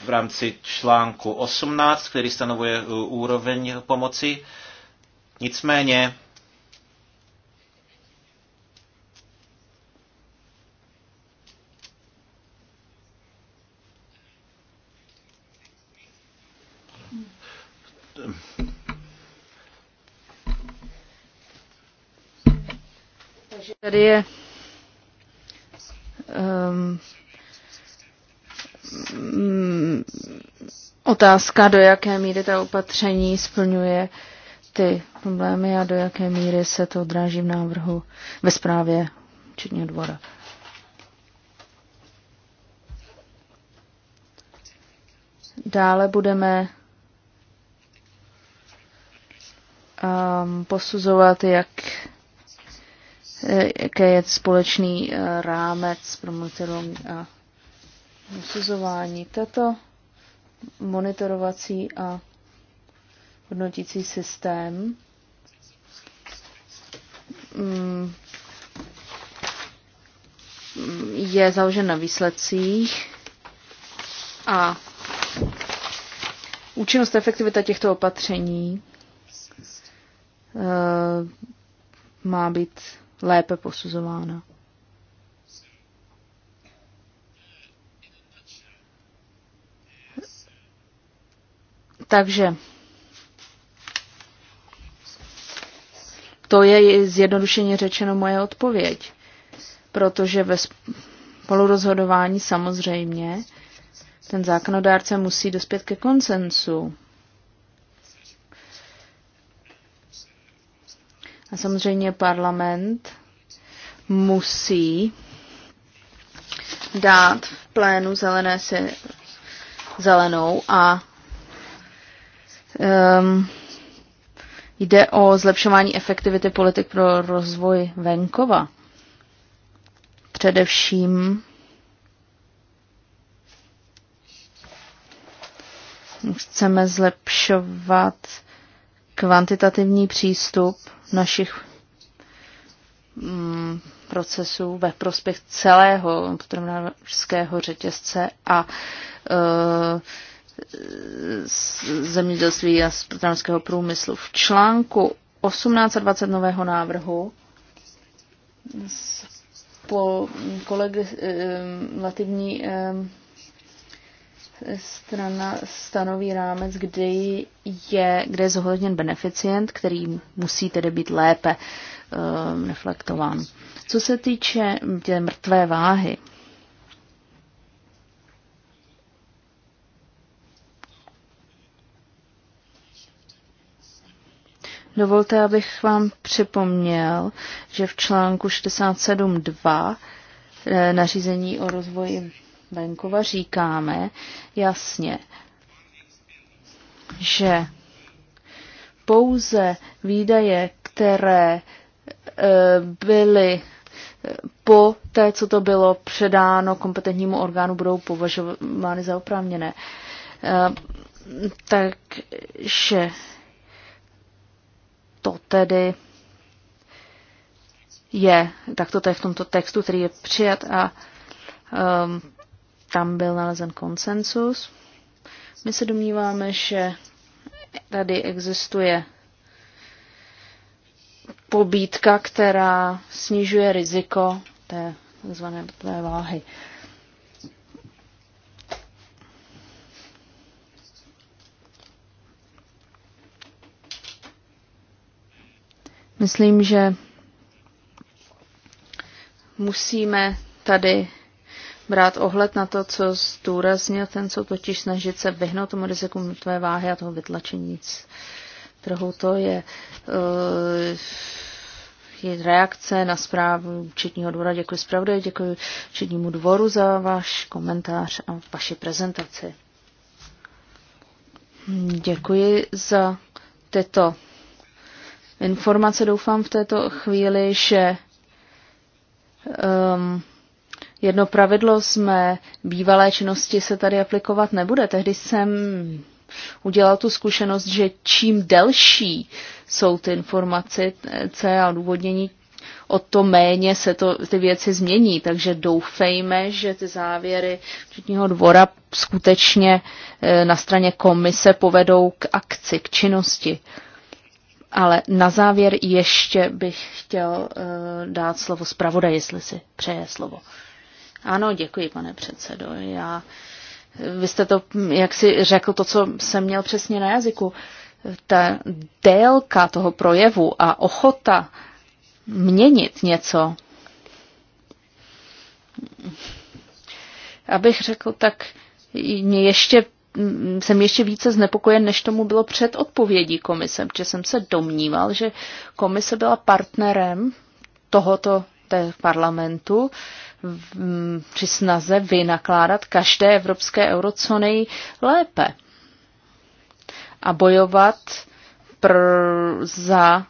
v rámci článku 18, který stanovuje úroveň pomoci. Nicméně otázka, do jaké míry ta opatření splňuje ty problémy a do jaké míry se to odráží v návrhu ve zprávě včetně dvora. Dále budeme um, posuzovat, jak, jaký je společný uh, rámec pro monitoring a posuzování. této monitorovací a hodnotící systém. Mm. Je založen na výsledcích a účinnost a efektivita těchto opatření eh, má být lépe posuzována. Takže to je zjednodušeně řečeno moje odpověď, protože ve spolurozhodování samozřejmě ten zákonodárce musí dospět ke koncensu. A samozřejmě parlament musí dát v plénu zelené se zelenou a Um, jde o zlepšování efektivity politik pro rozvoj venkova. Především chceme zlepšovat kvantitativní přístup našich mm, procesů ve prospěch celého potravinářského řetězce a uh, zemědělství a potravinářského průmyslu. V článku 18 a 20 nového návrhu po eh, eh, strana stanoví rámec, kde je, kde je zohledněn beneficient, který musí tedy být lépe eh, reflektován. Co se týče té mrtvé váhy, Dovolte, abych vám připomněl, že v článku 67.2 eh, nařízení o rozvoji venkova říkáme jasně, že pouze výdaje, které eh, byly eh, po té, co to bylo předáno kompetentnímu orgánu, budou považovány za oprávněné. Takže to tedy je, tak to je v tomto textu, který je přijat a um, tam byl nalezen konsensus. My se domníváme, že tady existuje pobídka, která snižuje riziko té tzv. váhy. Uh, Myslím, že musíme tady brát ohled na to, co zdůraznil ten, co totiž snažit se vyhnout tomu riziku mrtvé váhy a toho vytlačení z trhu. To je, eh, je reakce na zprávu Četního dvora. Děkuji zpravodaji, děkuji Četnímu dvoru za váš komentář a vaši prezentaci. Děkuji za tyto informace, doufám, v této chvíli, že um, jedno pravidlo z mé bývalé činnosti se tady aplikovat nebude. Tehdy jsem udělal tu zkušenost, že čím delší jsou ty informace eh, a odůvodnění, o to méně se to, ty věci změní. Takže doufejme, že ty závěry Četního dvora skutečně eh, na straně komise povedou k akci, k činnosti. Ale na závěr ještě bych chtěl uh, dát slovo zpravodaj, jestli si přeje slovo. Ano, děkuji, pane předsedo. Já, eh, vy jste to, hm, jak si řekl, to, co jsem měl přesně na jazyku. Ta délka toho projevu a ochota měnit něco, abych řekl, tak mě ještě Mm, jsem ještě více znepokojen, než tomu bylo před odpovědí komise, protože jsem se domníval, že komise byla partnerem tohoto té parlamentu mm, při snaze vynakládat každé evropské euro co nejlépe a bojovat pr- za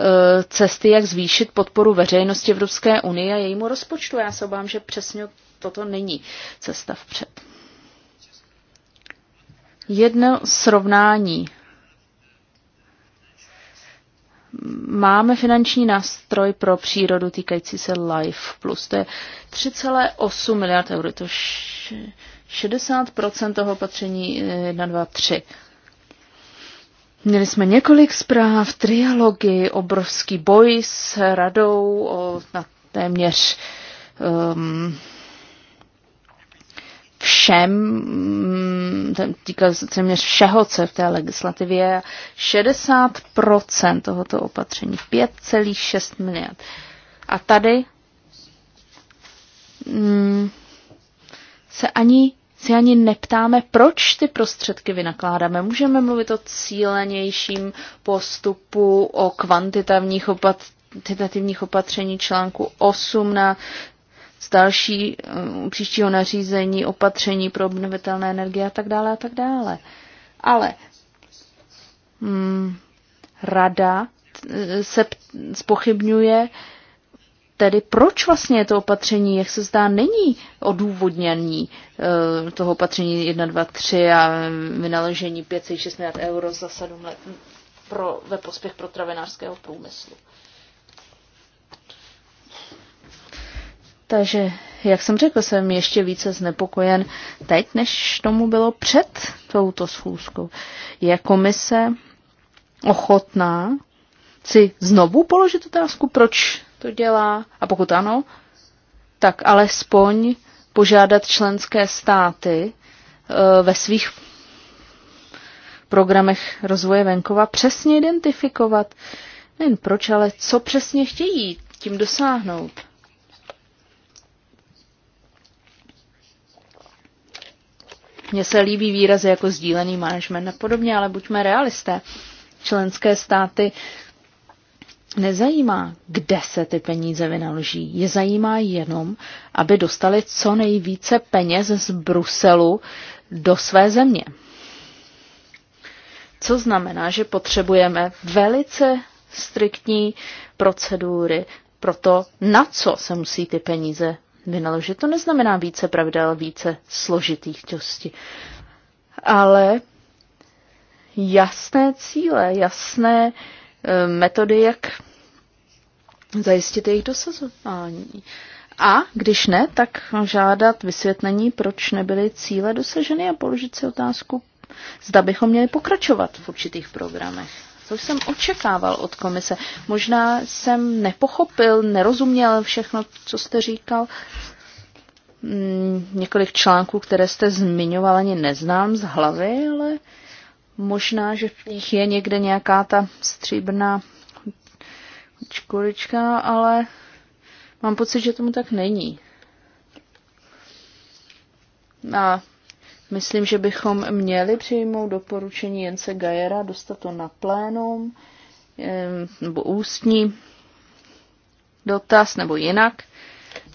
e, cesty, jak zvýšit podporu veřejnosti Evropské unie a jejímu rozpočtu. Já se obávám, že přesně toto není cesta vpřed. Jedno srovnání. Máme finanční nástroj pro přírodu týkající se LIFE+. Plus. To je 3,8 miliard eur. To 60% toho opatření 1, 2, 3. Měli jsme několik zpráv, trialogy, obrovský boj s radou o, na téměř um, všem týká se téměř všeho, co je v té legislativě. 60% tohoto opatření, 5,6 miliard. A tady mm, se ani si ani neptáme, proč ty prostředky vynakládáme. Můžeme mluvit o cílenějším postupu, o kvantitativních opatřeních kvantitativních opatření článku 8 na z další um, mm, příštího nařízení, opatření pro obnovitelné energie a tak dále a tak dále. Ale hmm, rada eh, se spochybňuje tedy proč vlastně je to opatření, jak se zdá, není odůvodnění eh, toho opatření 1, 2, 3 a vynaležení 5,6 miliard euro za 7 let mm, pro, ve prospěch travenářského průmyslu. Takže, jak jsem řekl, jsem ještě více znepokojen teď, než tomu bylo před touto schůzkou. Je komise ochotná si znovu položit otázku, proč to dělá? A pokud ano, tak alespoň požádat členské státy e, ve svých programech rozvoje venkova přesně identifikovat, nejen proč, ale co přesně chtějí tím dosáhnout. Mně se líbí výrazy jako sdílený management a podobně, ale buďme realisté. Členské státy nezajímá, kde se ty peníze vynaloží. Je zajímá jenom, aby dostali co nejvíce peněz z Bruselu do své země. Co znamená, že potřebujeme velice striktní procedury pro to, na co se musí ty peníze vynaložit. To neznamená více pravidel, více složitých těstí, Ale jasné cíle, jasné eh, metody, jak zajistit jejich dosazování. A když ne, tak žádat vysvětlení, proč nebyly cíle dosaženy a položit si otázku, zda bychom měli pokračovat v určitých programech. Co jsem očekával od komise. Možná jsem nepochopil, nerozuměl všechno, co jste říkal. Hmm, několik článků, které jste zmiňoval, ani neznám z hlavy, ale možná, že v nich je někde nějaká ta stříbrná čkolička, ale mám pocit, že tomu tak není. A Myslím, že bychom měli přijmout doporučení Jence Gajera, dostat to na plénum, nebo ústní dotaz, nebo jinak.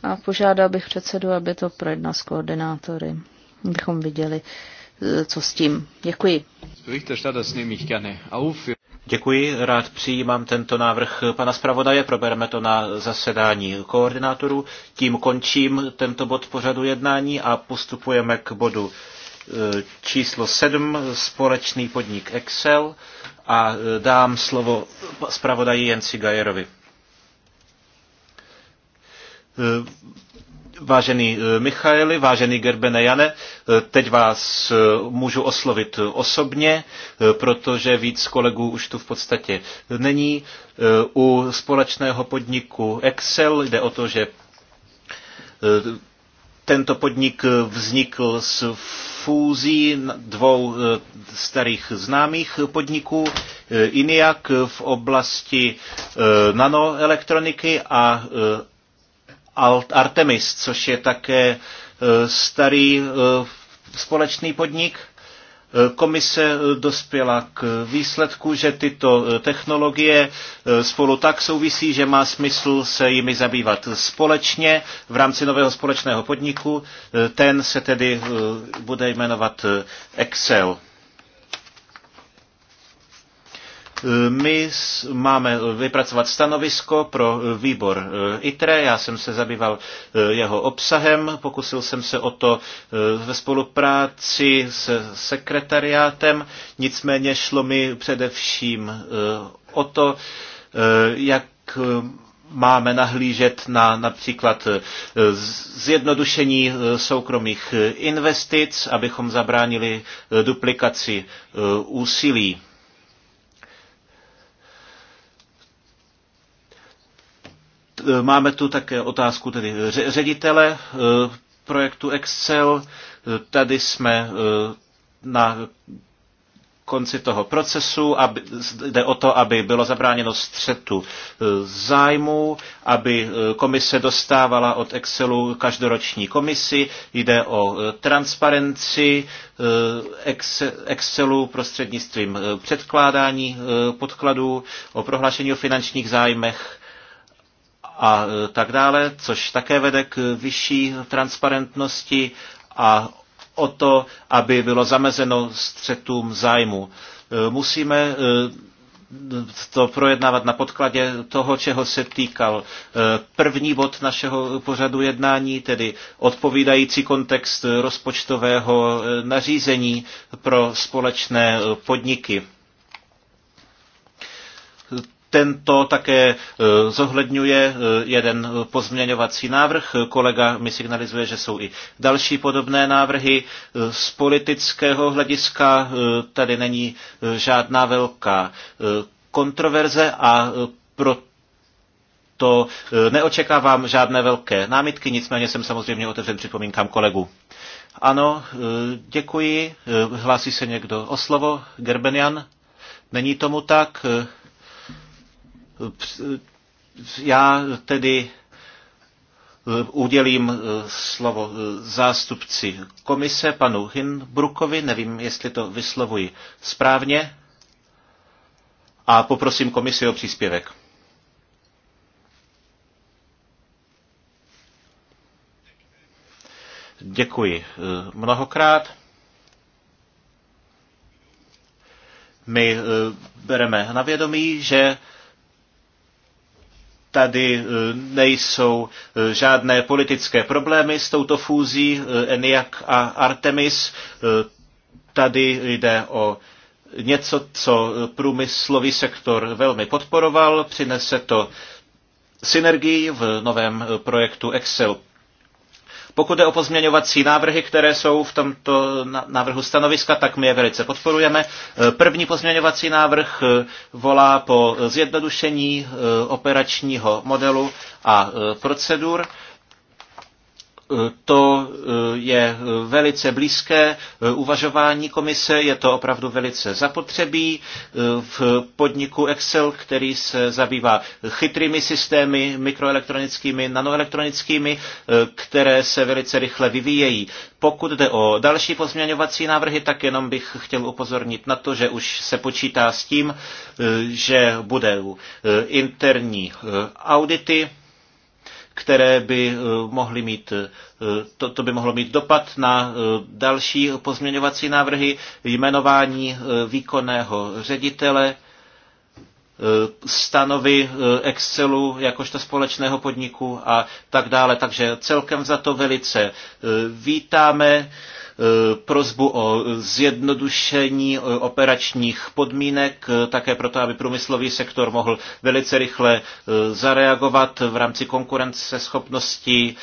A požádal bych předsedu, aby to projednal s koordinátory, abychom viděli, e, co s tím. Děkuji. Děkuji, rád přijímám tento návrh pana zpravodaje, probereme to na zasedání koordinátorů. Tím končím tento bod pořadu jednání a postupujeme k bodu Eh, číslo 7, společný podnik Excel a eh, dám slovo zpravodaji Jenci Gajerovi. Eh, vážený Michaeli, vážený Gerbene Jane, teď vás můžu oslovit osobně, protože víc kolegů už tu v podstatě není. U společného podniku Excel jde o to, že tento podnik vznikl z fúzí dvou eh, starých známých podniků, eh, INIAC v oblasti eh, nanoelektroniky a Artemis, což je také starý společný podnik – Komise dospěla k výsledku, že tyto technologie spolu tak souvisí, že má smysl se jimi zabývat společně v rámci nového společného podniku. Ten se tedy eh, bude jmenovat Excel. My máme vypracovat stanovisko pro e, výbor e, ITRE. Já jsem se zabýval e, jeho obsahem, pokusil jsem se o to ve spolupráci s sekretariátem, nicméně šlo mi především o to, jak máme nahlížet na například zjednodušení soukromých investic, abychom zabránili duplikaci úsilí. Eh, máme tu také otázku tedy ředitele eh, projektu Excel. Eh, tady jsme na konci toho procesu, aby, jde o to, aby bylo zabráněno střetu zájmů, aby komise dostávala od Excelu každoroční komisi, jde o transparenci Excelu prostřednictvím předkládání podkladů, o prohlášení o finančních zájmech a e, tak dále, což také vede k vyšší transparentnosti a o to, aby bylo zamezeno střetům zájmu. E, musíme e, to projednávat na podkladě toho, čeho se týkal první bod našeho pořadu jednání, tedy odpovídající kontext rozpočtového nařízení pro společné podniky tento také e, zohledňuje e, jeden pozměňovací návrh. Kolega mi signalizuje, že jsou i další podobné návrhy. E, z politického hlediska tady není žádná velká kontroverze a pro to neočekávám žádné velké námitky, nicméně jsem samozřejmě otevřen připomínkám kolegů. Ano, děkuji. Hlásí se někdo o slovo? Gerbenian? Není tomu tak? Já tedy eh, udělím eh, slovo eh, zástupci komise panu Hinbrukovi, nevím, jestli to vyslovuji správně, a poprosím komisi o příspěvek. Děkuji mnohokrát. My bereme na vědomí, že tady e, nejsou e, žádné politické problémy s touto fúzí e, ENIAC a Artemis. Tady jde o něco, co průmyslový sektor velmi podporoval. Přinese to synergii v novém projektu Excel pokud je o pozměňovací návrhy, které jsou v tomto návrhu stanoviska, tak my je velice podporujeme. E, první pozměňovací návrh e, volá po zjednodušení e, operačního modelu a procedur to eh, je velice blízké eh, uvažování komise, je to opravdu velice zapotřebí. Eh, v podniku Excel, který se zabývá chytrými systémy, mikroelektronickými, nanoelektronickými, které se velice rychle vyvíjejí. Pokud jde o další pozměňovací návrhy, tak jenom bych chtěl upozornit na to, že už se počítá s tím, že budou interní audity, které by eh, mohly mít, eh, to, to by mohlo mít dopad na eh, další pozměňovací návrhy, jmenování výkonného ředitele, stanovy Excelu jakožto společného podniku a tak dále. Takže celkem za to velice vítáme Eh, prozbu o zjednodušení operačních podmínek, eh, také proto, aby průmyslový sektor mohl velice rychle eh, zareagovat v rámci konkurenceschopnosti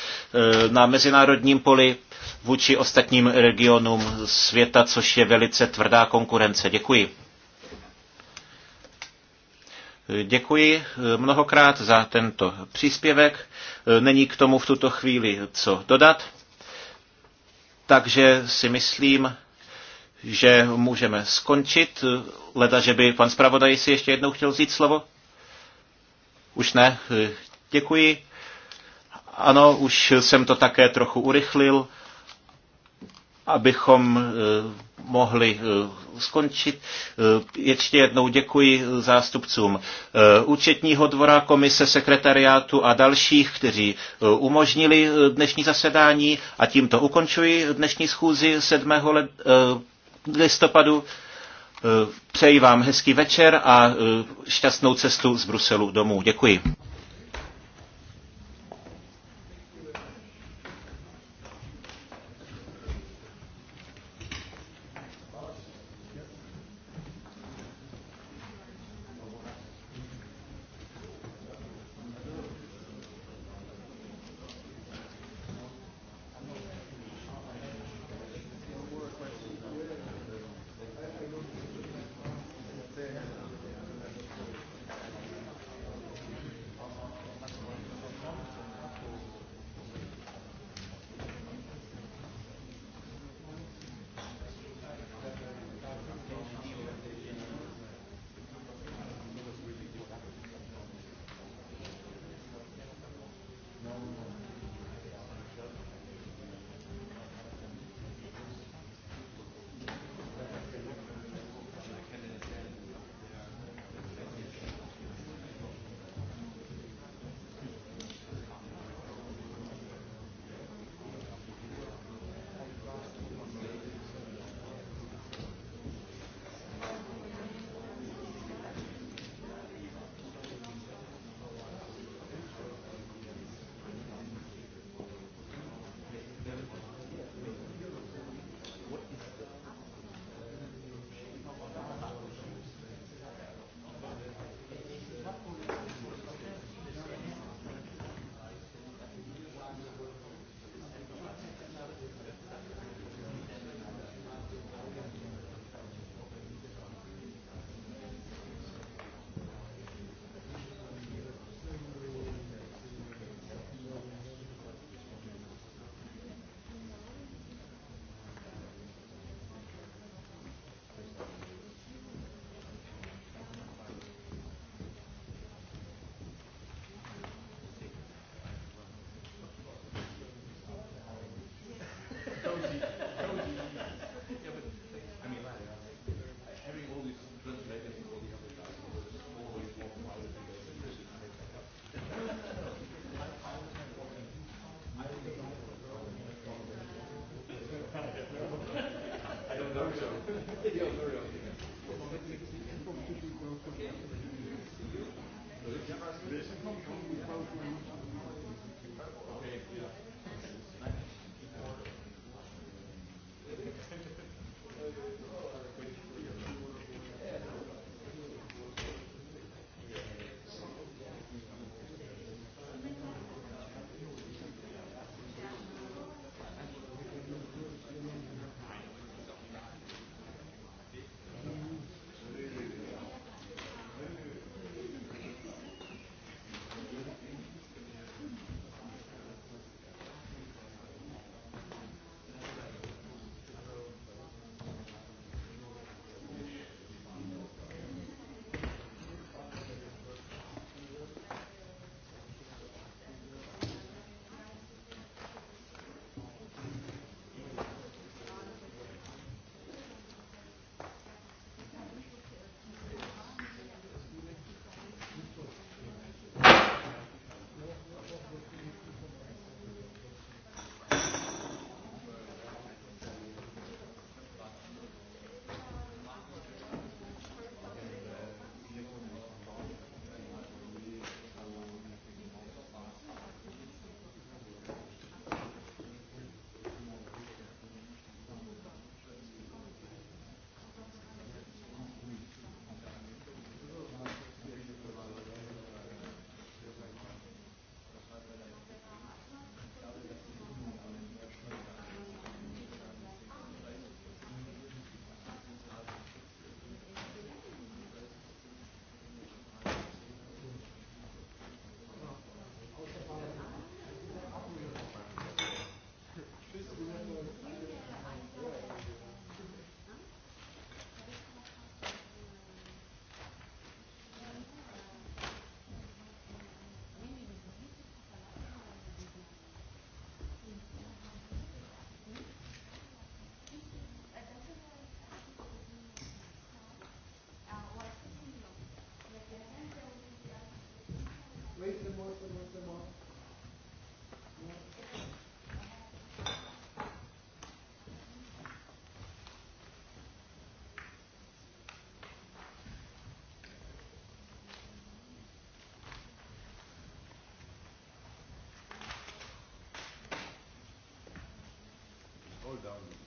na mezinárodním poli vůči ostatním regionům světa, což je velice tvrdá konkurence. Děkuji. Děkuji mnohokrát za tento příspěvek. Není k tomu v tuto chvíli co dodat takže si myslím, že můžeme skončit. Leda, že by pan zpravodaj si ještě jednou chtěl vzít slovo? Už ne? Děkuji. Ano, už jsem to také trochu urychlil abychom eh, mohli eh, skončit. Eh, ještě jednou děkuji zástupcům účetního dvora, komise, sekretariátu a dalších, kteří umožnili dnešní zasedání a tímto ukončuji dnešní schůzi 7. listopadu. Přeji vám hezký večer a šťastnou cestu z Bruselu domů. Děkuji. hold down.